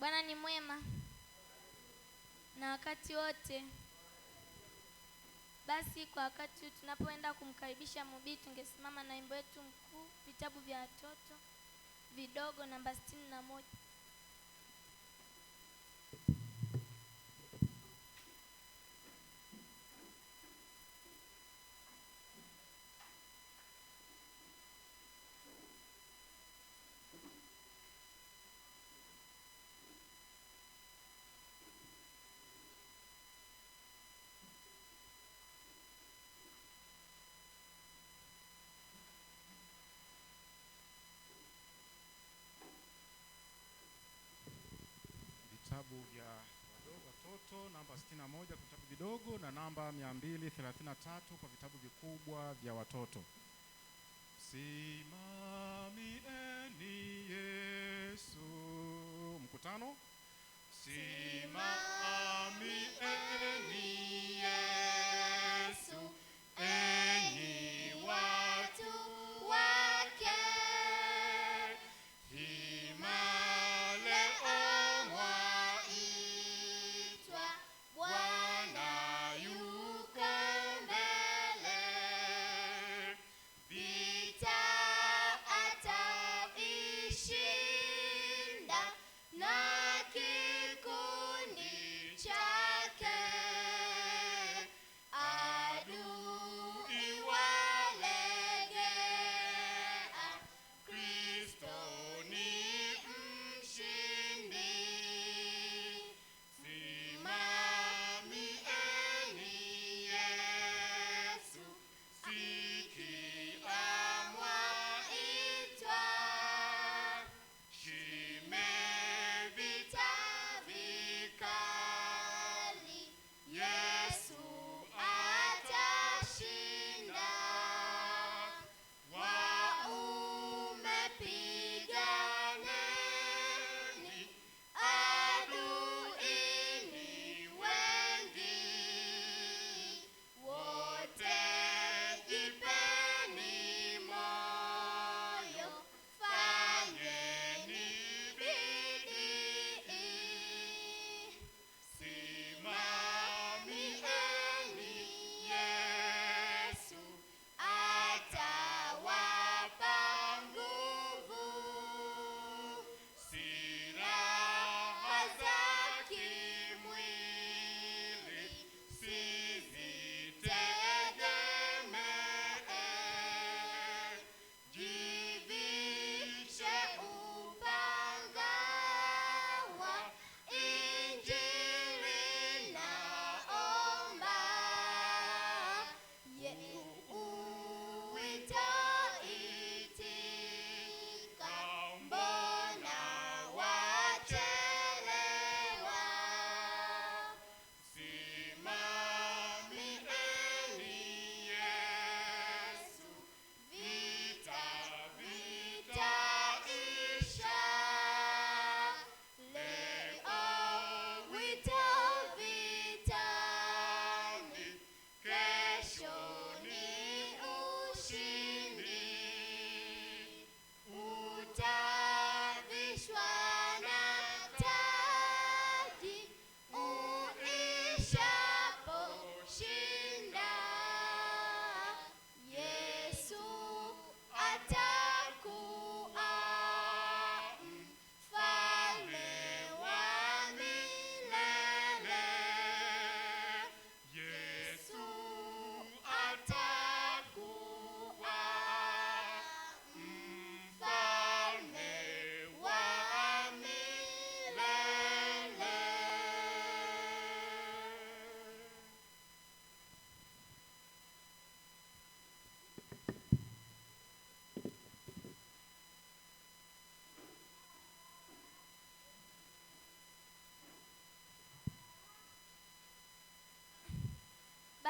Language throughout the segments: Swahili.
Bwana ni mwema na wakati wote. Basi kwa wakati huu tunapoenda kumkaribisha mubi tungesimama na wimbo wetu mkuu, vitabu vya watoto vidogo, namba sitini na moja. vitabu vya watoto namba 61 kwa vitabu vidogo na namba 233 kwa vitabu vikubwa vya watoto. Simamieni Yesu. Mkutano, simamieni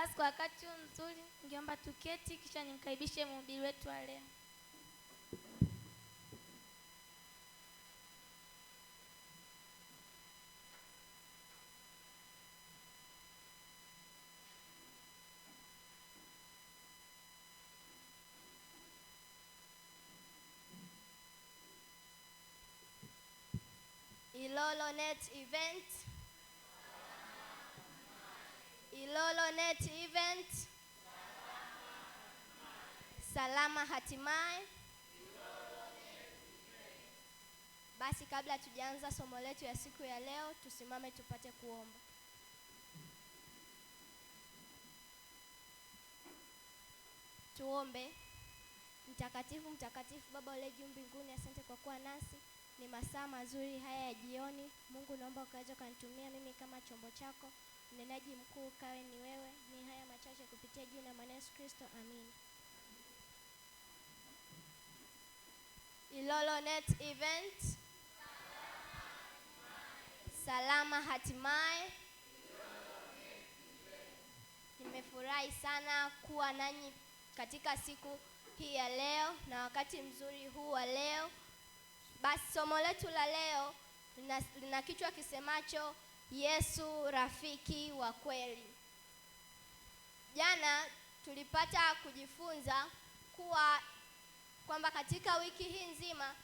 Basi kwa wakati huu mzuri, ngiomba tuketi, kisha nimkaribishe mhubiri wetu wa leo. Ilolo Net Event Ilolo Net Event, salama hatimaye. Basi kabla tujaanza somo letu ya siku ya leo, tusimame tupate kuomba. Tuombe. Mtakatifu, mtakatifu Baba ule juu mbinguni, asante kwa kuwa nasi ni masaa mazuri haya ya jioni. Mungu, naomba ukaweza ukanitumia mimi kama chombo chako Mnenaji mkuu kawe ni wewe. Ni haya machache kupitia jina mwana Yesu Kristo, amina. Ilolo Net Event, salama hatimaye. Nimefurahi sana kuwa nanyi katika siku hii ya leo na wakati mzuri huu wa leo. Basi somo letu la leo lina kichwa kisemacho Yesu rafiki wa kweli. Jana tulipata kujifunza kuwa kwamba katika wiki hii nzima